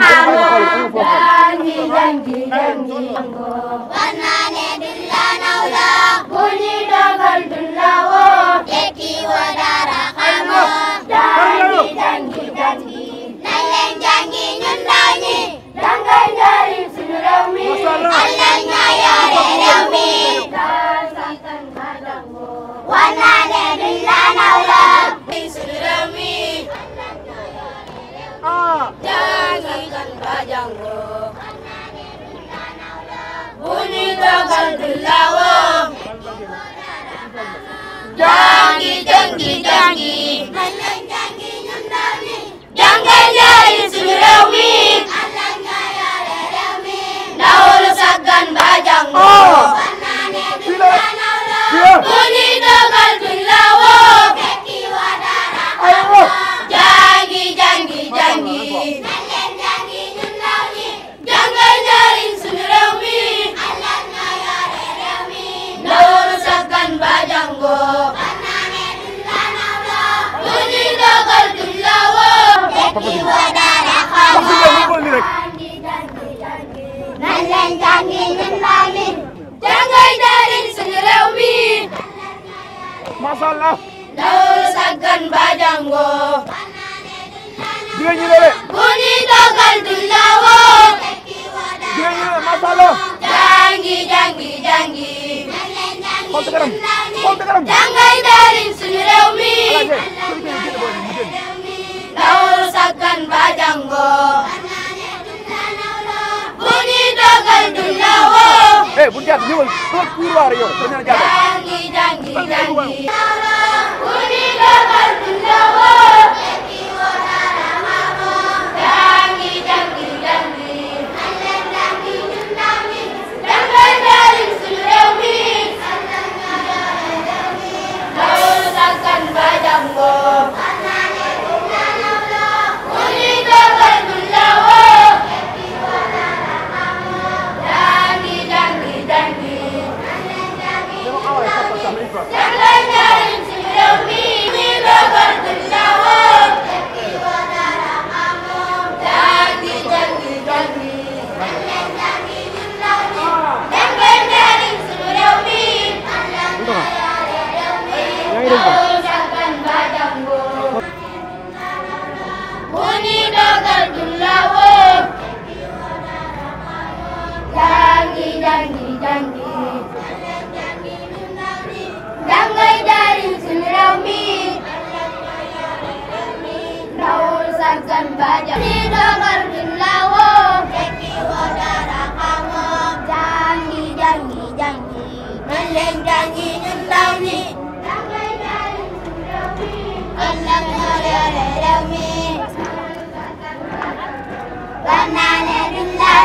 าม ci jàng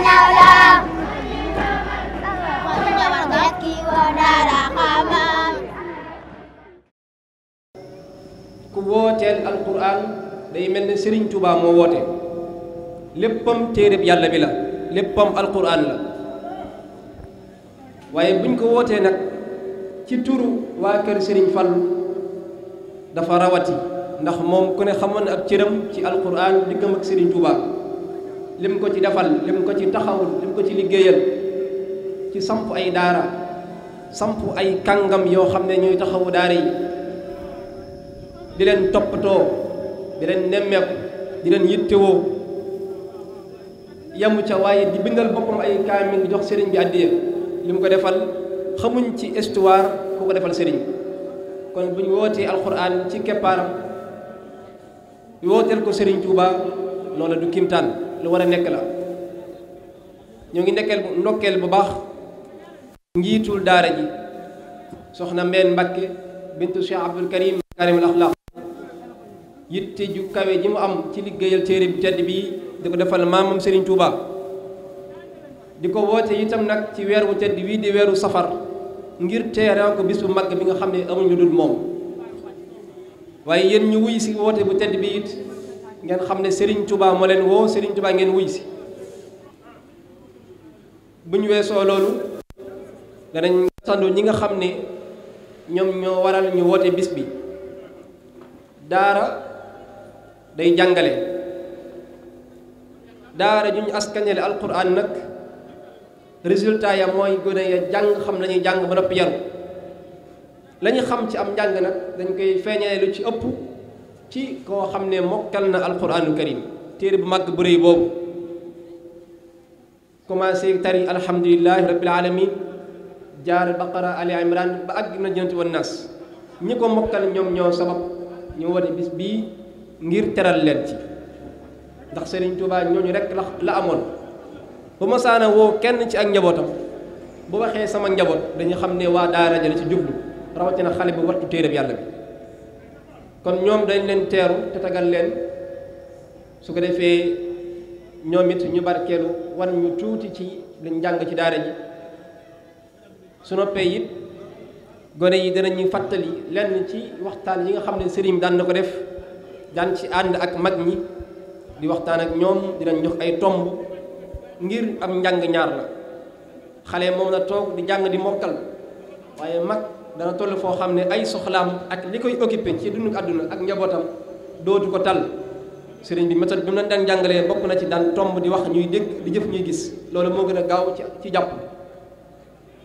نولاه ku wooteel alquran day mel ne Serigne Touba moo woote léppam téereb yàlla bi la léppam alquran la waaye buñ ko wootee nag ci turu waa kër Serigne fal dafa rawati ndax moom ku ne xamoon na ab cëram ci alquran diggam ak Serigne Touba. lim ko ci defal lim ko ci taxawul lim ko ci liggéeyal ci samp ay daara samp ay kàngam yoo xam ne ñuy taxawu daara yi di leen toppatoo di leen nemmeeku di leen yittewoo yamu ca waaye di bindal boppam ay kaamil jox sëriñ bi àddiya lim ko defal xamuñ ci histoire ku ko defal sëriñ kon bu ñu wootee alxuraan ci keppaaram wooteel ko sëriñ Tuuba loola du kimtaan lu war a nekk la ñoo ngi ndekkeel ndokkeel bu baax njiitul daara ji soxna Mbène Mbacke bintu Cheikh Abdul Karim Karim al Akhlaq yitte ju kawe ji mu am ci liggéeyal téere bi tedd bii di ko defal maamam Serigne Touba di ko woote itam nag ci weer wu tedd wii di weeru safar ngir teeraa ko bis bu mag bi nga xam ne amuñ lu dul moom waaye yéen ñu wuy si woote bu tedd bi it ngeen xam ne Serigne Touba moo leen woo Serigne Touba ngeen wuy si bu ñu weesoo loolu danañ sandu ñi nga xam ne ñoom ñoo waral ñu woote bis bi daara day jàngale daara ju ñu askanele alquran nag résultat ya mooy gone ya jàng xam lañuy jàng ba noppi yaru la xam ci am njàng nag dañ koy feeñale lu ci ëpp ci koo xam ne mokkal na alquraanul karim téere bu màgg bu rëy boobu commencé tari alhamdulilahi rabbil alamin jaar baqara ali imran ba àgg na jënati wan nas ñi ko mokkal ñoom ñoo sabab ñu woote bis bii ngir teral leen ci ndax Serigne Touba ñooñu rek la la amoon bu ma saana woo kenn ci ak njabootam bu waxee sama njaboot dañu xam ne waa daara ja la ci jublu rawatina xale bi wattu téereb yàlla bi kon ñoom dañ leen teeru te tagal leen su ko defee ñoom it ñu barkeelu wan ñu tuuti ci liñ njàng ci daare ji su noppee it gone yi dinañu fàttali lenn ci waxtaan yi nga xam ne sëriñ daan na ko def daan ci ànd ak mag ñi di waxtaan ak ñoom dinañ jox ay tomb ngir am njàng ñaar la xale moom na toog di jàng di mokkal waaye mag dana toll foo xam ne ay soxlaam ak li koy occupé ci dund àdduna ak njabootam doo dootu ko tal sëriñ bi méthode bi mu leen daan jàngalee bokk na ci daan tomb di wax ñuy dégg di jëf ñuy gis loolu moo gën a gaaw ci ci jàpp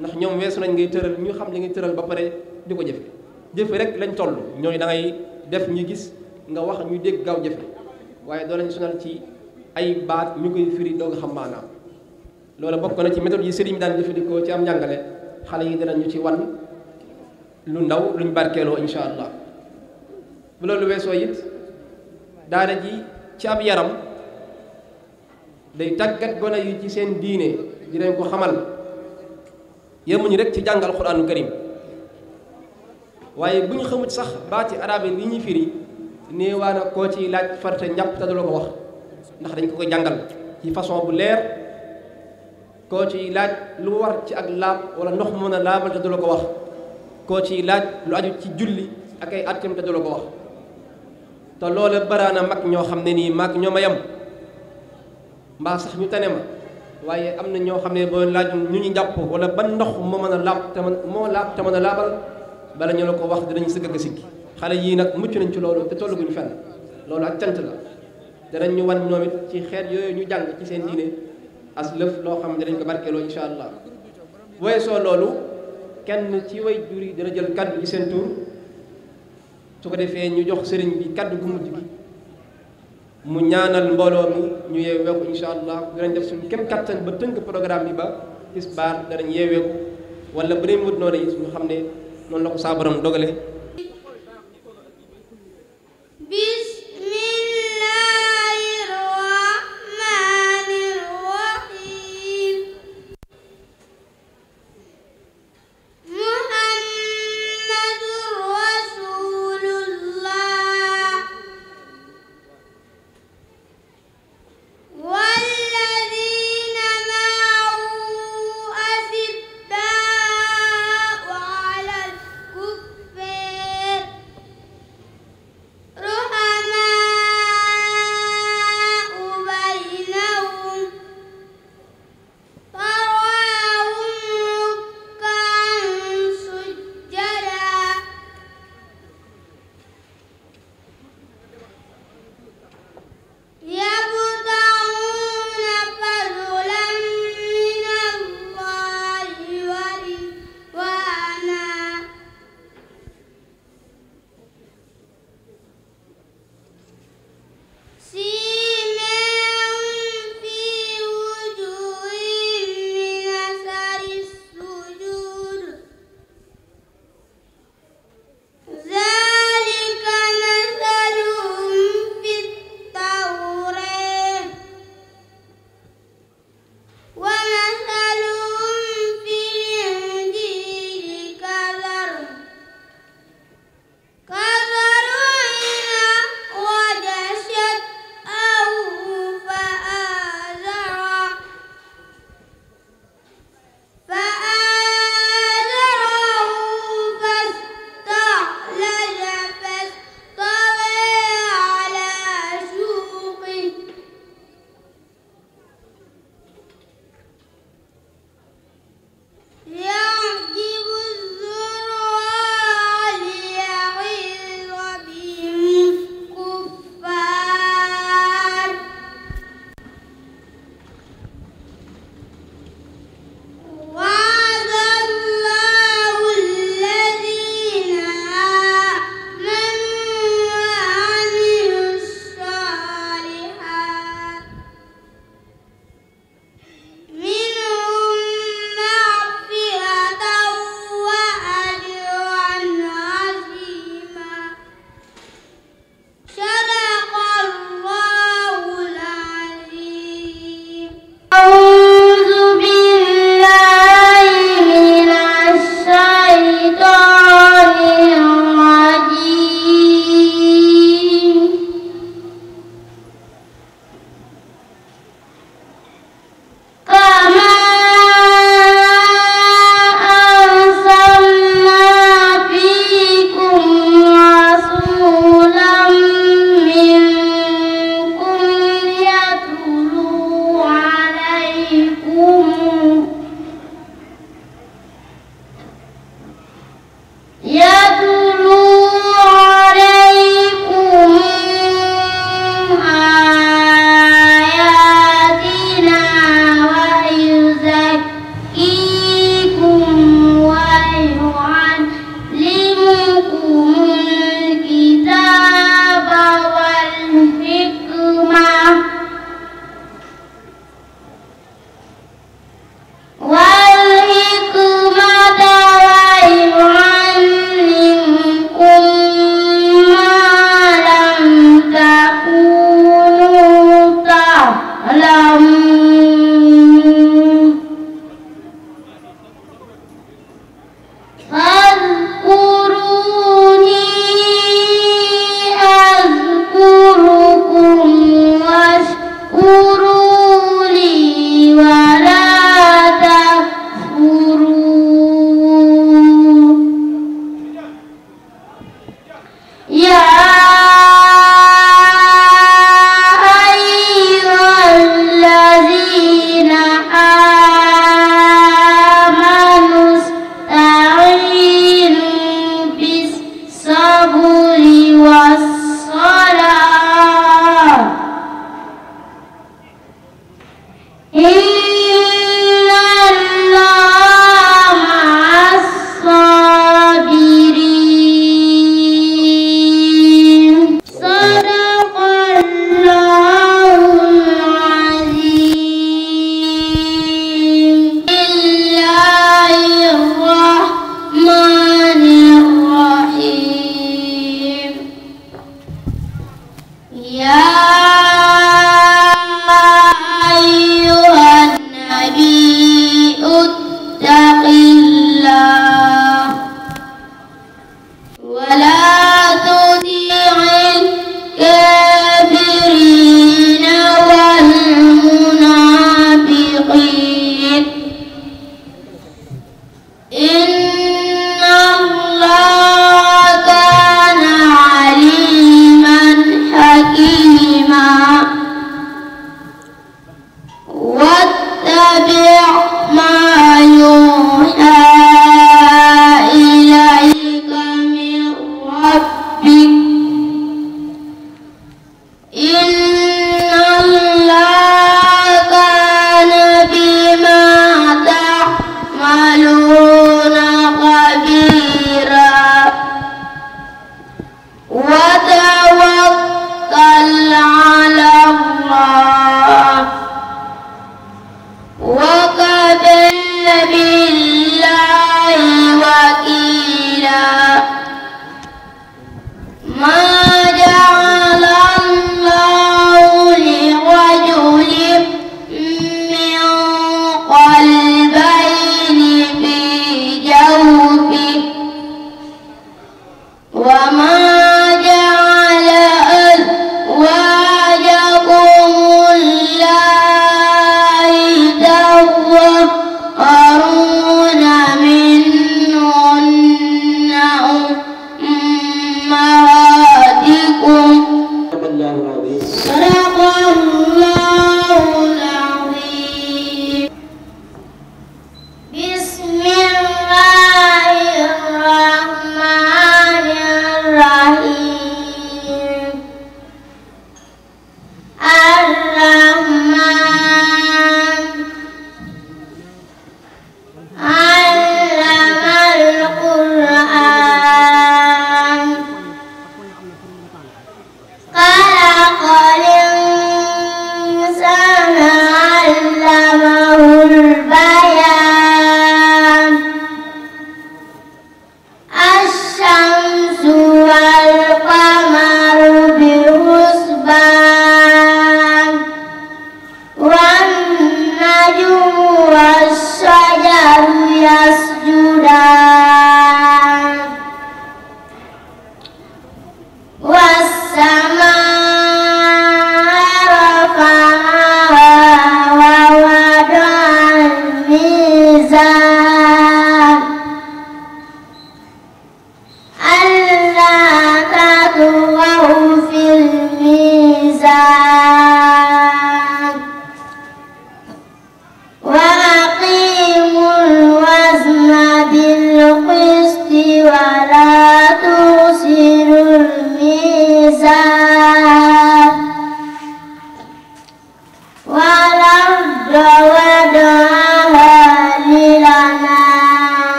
ndax ñoom weesu nañ ngay tëral ñu xam li ngay tëral ba pare di ko jëfe jëfe rek lañ toll ñooy da ngay def ñuy gis nga wax ñu dégg gaaw jëfe waaye doo lañ sonal ci ay baat ñu koy firi doog a xam maanaam loolu bokk na ci méthode yi sëriñ bi daan jëfandikoo ci am njàngale xale yi danañu ci wan lu ndaw luñ barkeeloo insha allah bu loolu weesoo it daana ji ci ab yaram day tàggat gone yi ci seen diine di leen ko xamal yemuñu rek ci jàng alquraanu karim waaye bu ñu xamut sax baati arab yi li ñuy firi néewaana koo ci laaj farte njàpp te du la ko wax ndax dañ ko ko jàngal ci façon bu leer koo ci laaj lu war ci ak laab wala ndox mu mën a laabal te du la ko wax koo ci laaj lu aju ci julli ak ay attam te du la ko wax te loola baraana mag ñoo xam ne nii mag ñoo ma yem mbaa sax ñu tane ma waaye am na ñoo xam ne boo laaj ñu ñu jàpp wala ban ndox moo mën a laab te mën moo laab te mën a laabal bala ñu la ko wax dinañ sëgg a sikki xale yii nag mucc nañ ci loolu te tolluguñu fenn loolu ak cant la danañ ñu wan ñoom ci xeet yooyu ñu jàng ci seen diine as lëf loo xam ne dinañ ko barkeeloo incha allah weesoo loolu kenn ci way jur yi dana jël kaddu ci seen tur su ko defee ñu jox sëriñ bi kaddu gu mujj gi mu ñaanal mbooloo mi ñu yeeweeku insha allah danañ def suñu kem kattan ba tënk programme bi ba tisbaar danañ yeeweeku wala bu dee mut noonu it ñu xam ne noonu la ko saa dogale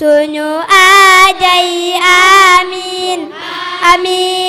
suñu ajay amin amin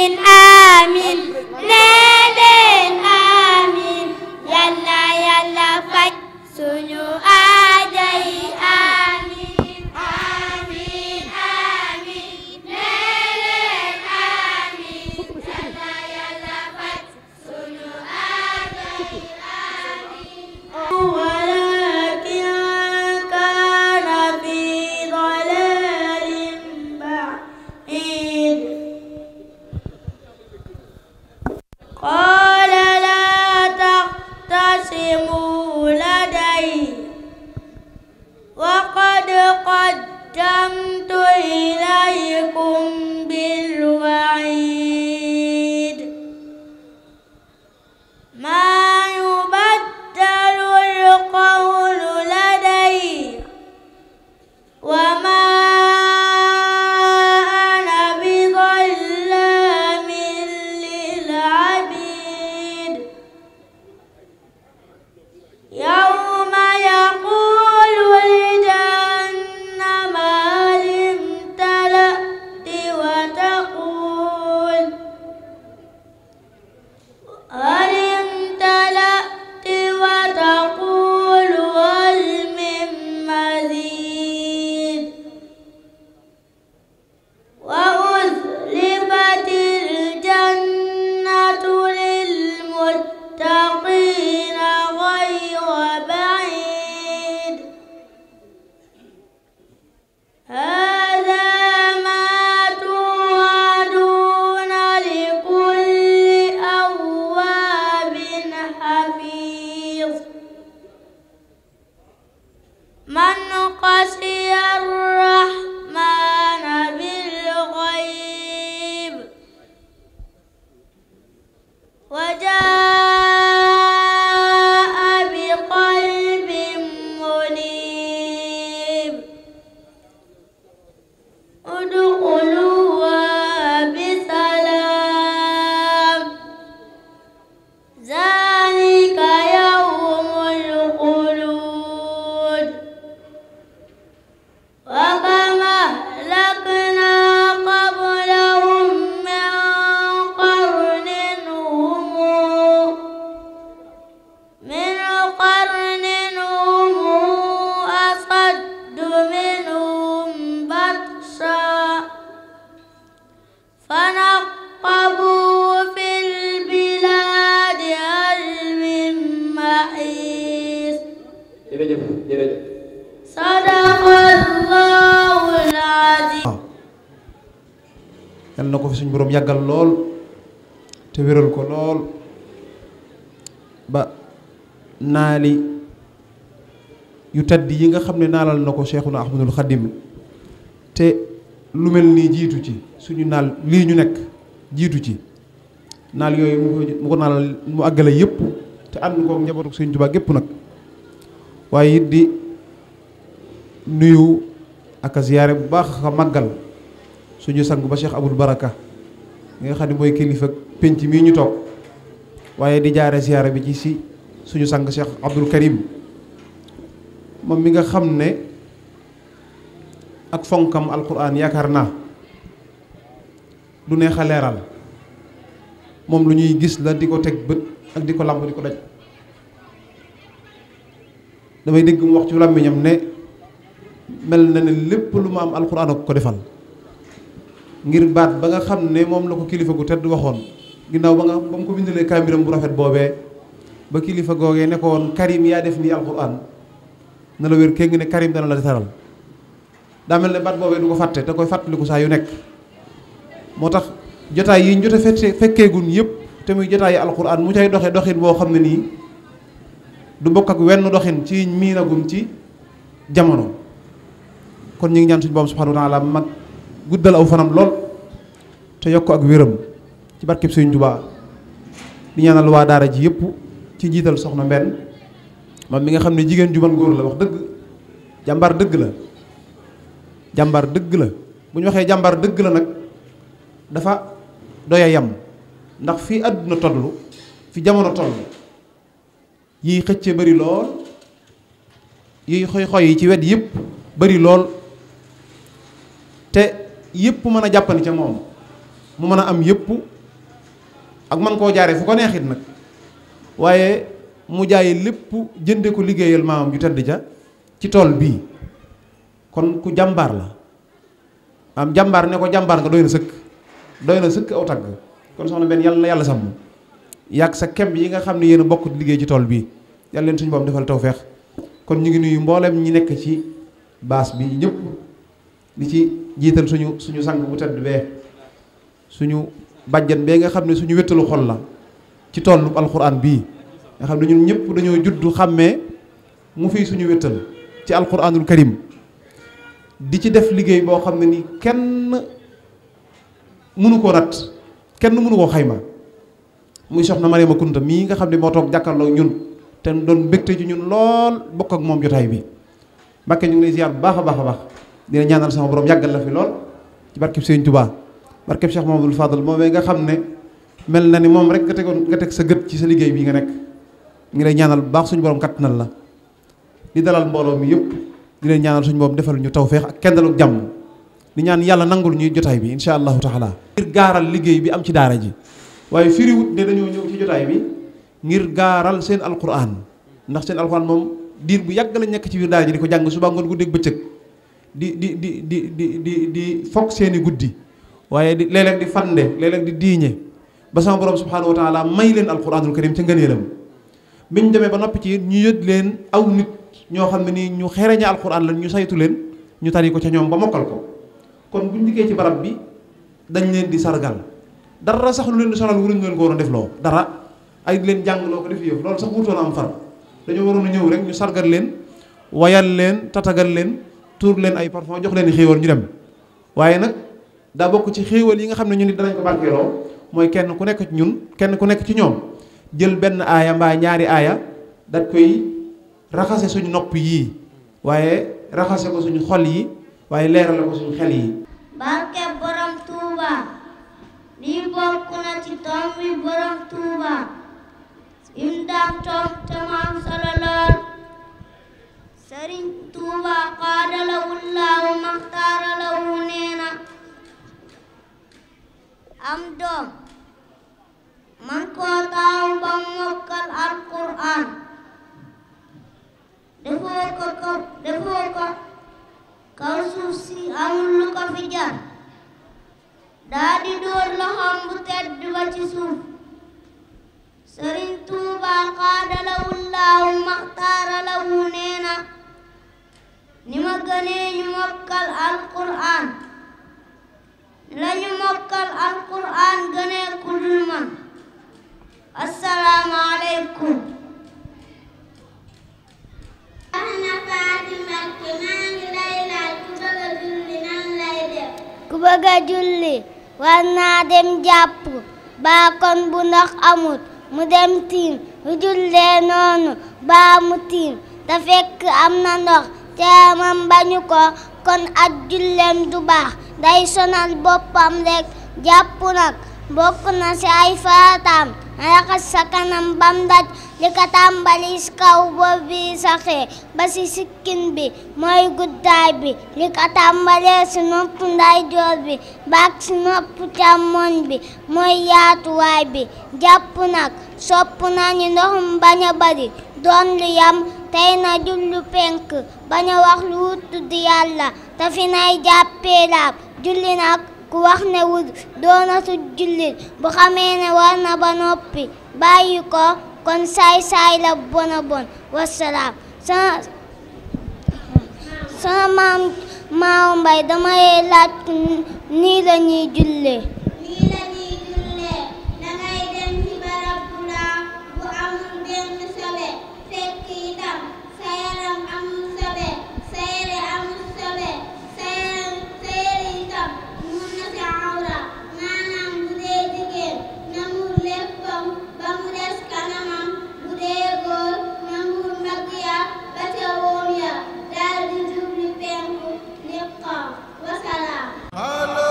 lool te wéral ko lool ba naali yu tedd yi nga xam ne naalal na ko Cheikhuna Ahmadul Xadim te lu mel nii jiitu ci suñu naal lii ñu nekk jiitu ci naal yooyu mu ko mu naalal mu àggale yëpp te ànd koog njabootu Sëñ Tuubaa gépp nag waaye it di nuyu ak a ziyaare bu baax a màggal suñu sang ba Cheikh Abul Baraka mi nga xam ne mooy kilifa pénc mi ñu toog waaye di jaare siyaara bi ci si suñu sang Cheikh Abdoul Karim moom mi nga xam ne ak fonkam alxuraan yaakaar naa du neex leeral moom lu ñuy gis la di ko teg bët ak di ko làmb di ko daj damay dégg mu wax ci làmmiñam ne mel na ne lépp lu ma am alquran ak ko defal ngir baat ba nga xam ne moom la ko kilifa gu tedd waxoon ginnaaw ba nga ba mu ko bindalee kaamiram bu rafet boobee ba kilifa googee ne woon karim yaa def nii alxuraan na la wér kéng ne karim dana la defaral daa mel ne baat boobee du ko fàtte te koy fàttaliku saa yu nekk moo tax jotaay yi ñu jot a fekkeegun yëpp te muy jotaay yi alxuraan mu cay doxee doxin boo xam ne nii du bokk ak wenn doxin ci miinagum ci jamono kon ñu ngi ñaan suñu borom subhanahu mag guddal aw fanam lool te yokk ak wéram ci barkeb Sëriñ jubaa di ñaanal waa daara ji yépp ci jiital soxna mbenn moom mi nga xam ne jigéen ju man góor la wax dëgg jàmbar dëgg la jàmbar dëgg la bu ñu waxee jàmbar dëgg la nag dafa doya yam ndax fii àdduna toll fi jamono toll yiy xëcce bari lool yiy xoy xoy yi ci wet yépp bari lool te yëpp mën a jàppandi ca moom mu mën a am yëpp ak man koo jaaree fu ko neexit nag waaye mu jaay lépp jënde ko liggéeyal maamam ju tedd ja ci tool bii kon ku jàmbaar la am jàmbaar ne ko jàmbaar nga doy na sëkk doy na sëkk aw tagg kon soxna benn yàlla na yàlla sàmm yàgg sa kem yi nga xam ne yéen a bokk liggéey ci tool bii yàlla leen suñu boom defal tawfeex kon ñu ngi nuyu mbooleem ñi nekk ci baas bi ñëpp di ci jiital suñu suñu sang bu tedd bee suñu bàjjan bee nga xam ne suñu wéttalu xol la ci toolu alxuraan bii nga xam ne ñun ñëpp dañoo juddu xàmmee mu fi suñu wéttal ci alxuraanul kërim di ci def liggéey boo xam ne ni kenn mënu koo rat kenn mënu ko xayma muy soxna Mariama Kunta mii nga xam ne moo toog jàkkaarloo ñun te doon mbégte ci ñun lool bokk ak moom jotaay bi Mbàkke ñu ngi lay ziar bu baax a baax a baax dina ñaanal sama boroom yàggal la fi lool ci barkeb Sëriñ Tuubaa barkeb Cheikh Mamadou Fadal moom nga xam ne mel na ni moom rek nga tegoon nga teg sa gët ci sa liggéey bi nga nekk ngi lay ñaanal bu baax suñu borom kattanal la di dalal mbooloo mi yëpp di leen ñaanal suñu borom defal ñu tawféex ak kendalu jàmm di ñaan yàlla lu ñuy jotaay bi incha allahu taala ngir gaaral liggéey bi am ci daara ji waaye firiwut ne dañoo ñëw ci jotaay bi ngir gaaral seen alquran ndax seen alquran moom bu yàgg la nekk ci biir daara ji di ko jàng suba di di di di di di di fokk seeni guddi waaye di léeg-léeg di fande léeg di diiñe ba sama borom subhaanahu wa taala may leen alquranul karim ca ngëneelam biñ demee ba noppi ci ñu yët leen aw nit ñoo xam ne nii ñu xereñe alquran la ñu saytu leen ñu tari ko ca ñoom ba mokkal ko kon buñ liggéey ci barab bi dañ leen di sargal dara sax lu leen di sonal wuruñ leen ko waroon def loo dara ay leen jàng loo ko def yëf loolu sax wutoon am far dañoo waroon a ñëw rek ñu sargal leen wayal leen tatagal leen tuur leen ay parfum jox leen i xéewal ñu dem waaye nag daa bokk ci xéewal yi nga xam ne ñu nit danañ ko barkeeloo mooy kenn ku nekk ci ñun kenn ku nekk ci ñoom jël benn aaya mbaa ñaari aaya dat koy raxase suñu nopp yii waaye raxase ko suñu xol yi waaye leerale ko suñu xel yi barke borom tuuba lii bokk na ci tomb bi borom tuuba yim daan tomb te sëriñ Tuuba xaadalawullaahu maxtaaralawu nee na am doom man koo taawu ba mokkal alquraan defoo ko ko defoo ko kaw suuf si amul lu ko fi jar daa di dóor loxoom bu tedd ba ci suuf sëriñ Tuuba xaadalawullaahu maxtaaralawu nee ni ma gënee ñu mokkal alquran lañu mokkal alquran gënee ku dul man assalaamu aleykum ana Fatima maa ku bëgg a julli nan lay def ku bëgg julli war naa dem jàpp baa kon bu ndox amut mu dem tiim mu jullee noonu baa mu tiim te am na ndox jaamam bañu ko kon ak du baax day sonal boppam rekk jàpp nag bokk na ci ay faataam raxas sa kanam bam daj li ko tàmbali ci kaw bopp bi ba ci sikkin bi mooy guddaay bi li ko tàmbalee ci nopp ndeyjoor bi ba ak ci nopp bi mooy yaatuwaay bi jàpp nag sopp nañu ndoxum bañ a bari doon yam tey na jullu penk ba a wax lu wut tudd yàlla te fi nay jàppee laab julli nag ku wax ne wut doona su jullit bu xamee ne war na ba noppi bàyyi ko kon saay-saay la bona bon wasalaam sama maam maaw mbay damay laaj nii la ñuy wa salaam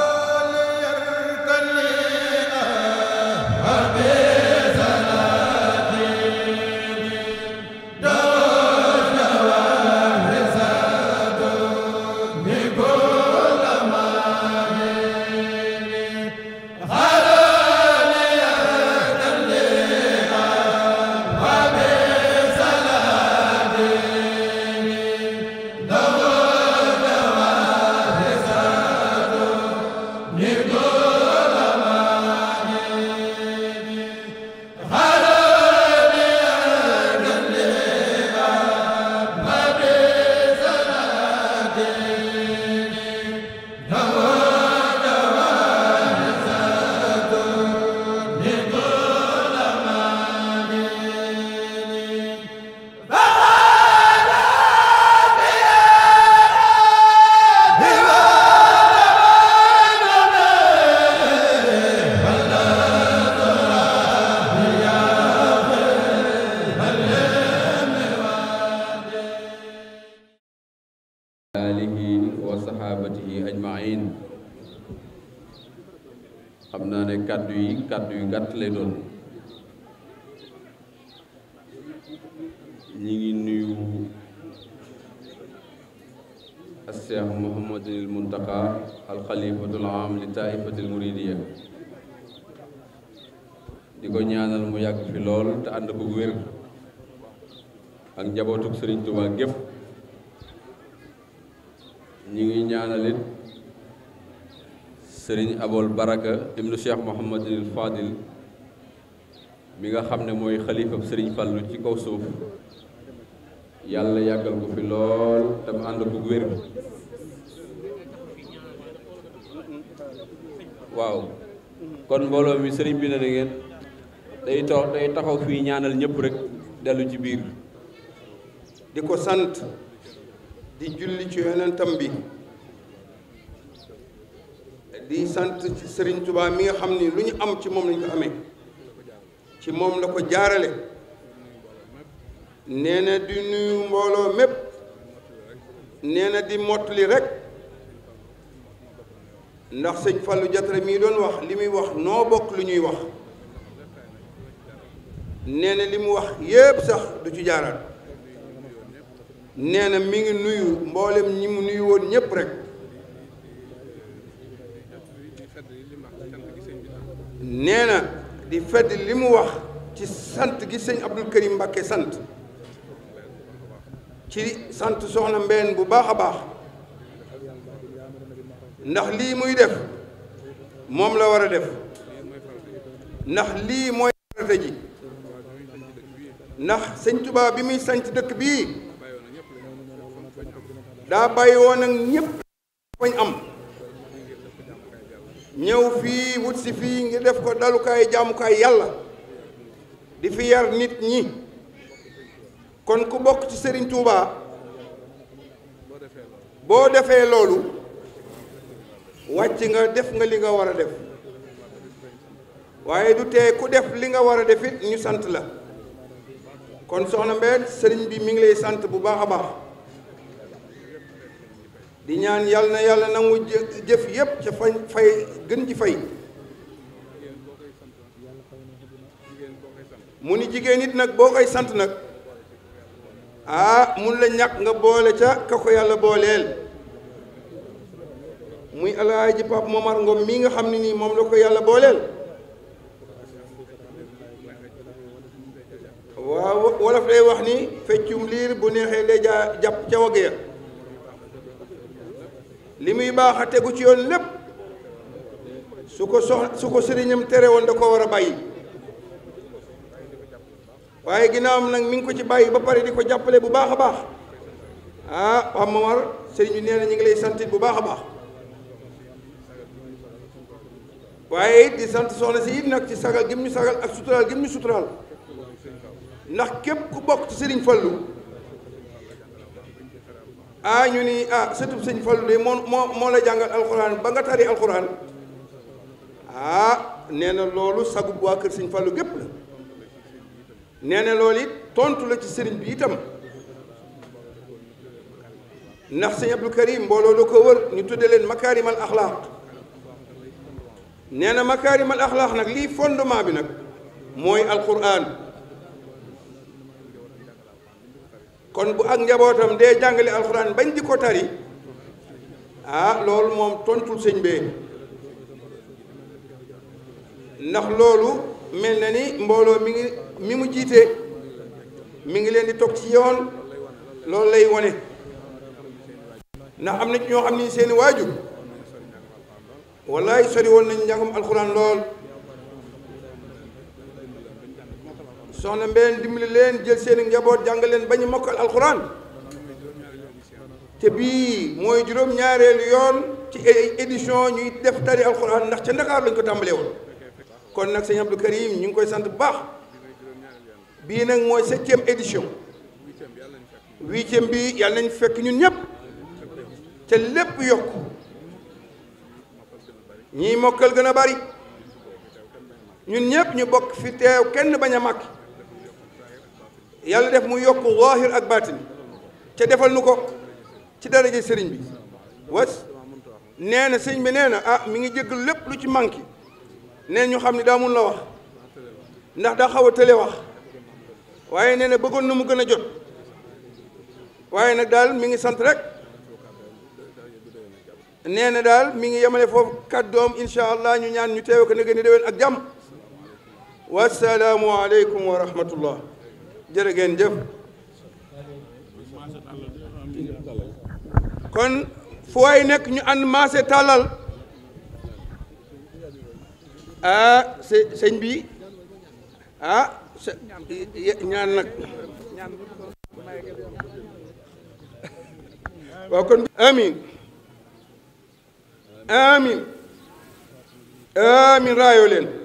الشيخ محمد المنتقى الخليفة العام للطائفة المريدية di ko ñaanal mu yàgg fi lool te ànd ko wér ak njabootug Sëriñ Tuubaa gépp ñu ngi ñaanalit sëriñ abol baraka ibnu cheikh mohamadinil fadil mi nga xam ne mooy xalifab sëriñ fàllu ci kaw suuf yàlla yàggal ko fi lool tam ànd bu wér bi waaw kon mbooloo mi sëriñ bi ne na ngeen day tax day taxaw fii ñaanal ñëpp rek dellu ci biir di ko sant di julli ci tam bi di sant ci sëriñ Tuubaa mi nga xam ni lu ñu am ci moom lañ ko amee ci moom la ko jaarale neena na di nuyu mbooloo mépp nee na di mottali rekk ndax sëñ Fallou Diattara mii doon wax li muy wax noo bokk lu ñuy wax nee na li mu wax yépp sax du ci jaaraat nee na mi ngi nuyu mbooleem ñi mu nuyu woon ñépp rek nee na di fedd li mu wax ci sant gi sëñ Abdou Karim Mbacké sant ci sant soxna Mbène bu baax a baax ndax lii muy def moom la war a def ndax lii mooy farata ji ndax sëñ Tuubaa bi muy sanc dëkk bii daa bàyyi woon ak ñëpp fañ am ñëw fii wut si fii ngi def ko dalukaay jaamukaay yàlla di fi yar nit ñi kon ku bokk ci sëriñ Touba boo defee loolu wàcc nga def nga li nga war a def waaye du tee ku def li nga war a def it ñu sant la kon soxna Mbène Serigne bi mi ngi lay sant bu baax a baax di ñaan yàlla na yàlla nangu jëf yépp ca fañ fay gën ji fay mu ni jigéen it nag boo koy sant nag. ah mun la ñàkk nga boole ca ka ko yàlla booleel muy alaaji Pape Momar Ngom mii nga xam ne nii moom la ko yàlla booleel waaw wolof day wax ni feccum liir bu neexee day jaa jàpp ca wagg ya li muy baaxa tegu ci yoon lépp su ko sox su ko sëriñam tere woon da ko war a bàyyi waaye ginna am nag mi ngi ko ci bàyyi ba pare di ko jàppale bu baax a baax ah Pape Momar sëriñ bi nee na ñu ngi lay santit bu baax a baax waaye it di sant soxna si it nag ci sagal gim ñu sagal ak suturaal gim ñu suturaal ndax képp ku bokk ci sëriñ Fallu ah ñu ni ah sëtub sëriñ Fallu de moo moo moo la jàngal alxuraan ba nga tari alxuraan ah nee na loolu sagub waa kër sëriñ Fallu gépp la nee na loolu it tontu la ci sëriñ bi itam ndax sëñ Abdou Karim mbooloo la ko wër ñu tudde leen makaarimal axlaaq nee na makaarimal axlaaq nag lii fondement bi nag mooy alquran kon bu ak njabootam dee jàngale alquran bañ di ko tari ah loolu moom tontul sëñ bee ndax loolu mel na ni mbooloo mi ngi. mi mu jiite mi ngi leen di toog ci yoon loolu lay wone ndax am na ci ñoo xam ni seeni waaju wallaay sori woon nañu njàngum alxuraan lool soxna mbeen dimbali leen jël seeni njaboot jàng leen ba ñu mokkal alxuraan te bii mooy juróom-ñaareelu yoon ci édition ñuy def tari alxuraan ndax ca Ndakaar lañ ko tàmbalee kon nag sëñ Abdou Karim ñu ngi koy sant bu baax bii nag mooy septième édition huitième bi yàlla nañu fekk ñun ñëpp te lépp yokk ñi mokkal gën a bari ñun ñëpp ñu bokk fi teew kenn bañ a màkk yàlla def mu yokk zaahir ak baatin te defal nu ko ci daraje sëriñ bi was nee na sëriñ bi nee na ah mi ngi jégg lépp lu ci manqué nee ñu xam ne daa mun la wax ndax daa xaw a tële wax waaye nee na bëggoon na mu gën a jot waaye nag daal mi ngi sant rek nee daal mi ngi yemale foofu kàddoom incha allah ñu ñaan ñu teewe ko ne ni déwén ak jàmm wasalaamu aleykum wa rahmatullah jërë ngeen kon fu waay nekk ñu ànd maase tàllal ah sëñ bi ah ñaan nag waaw kon amin amin amin raayoo leen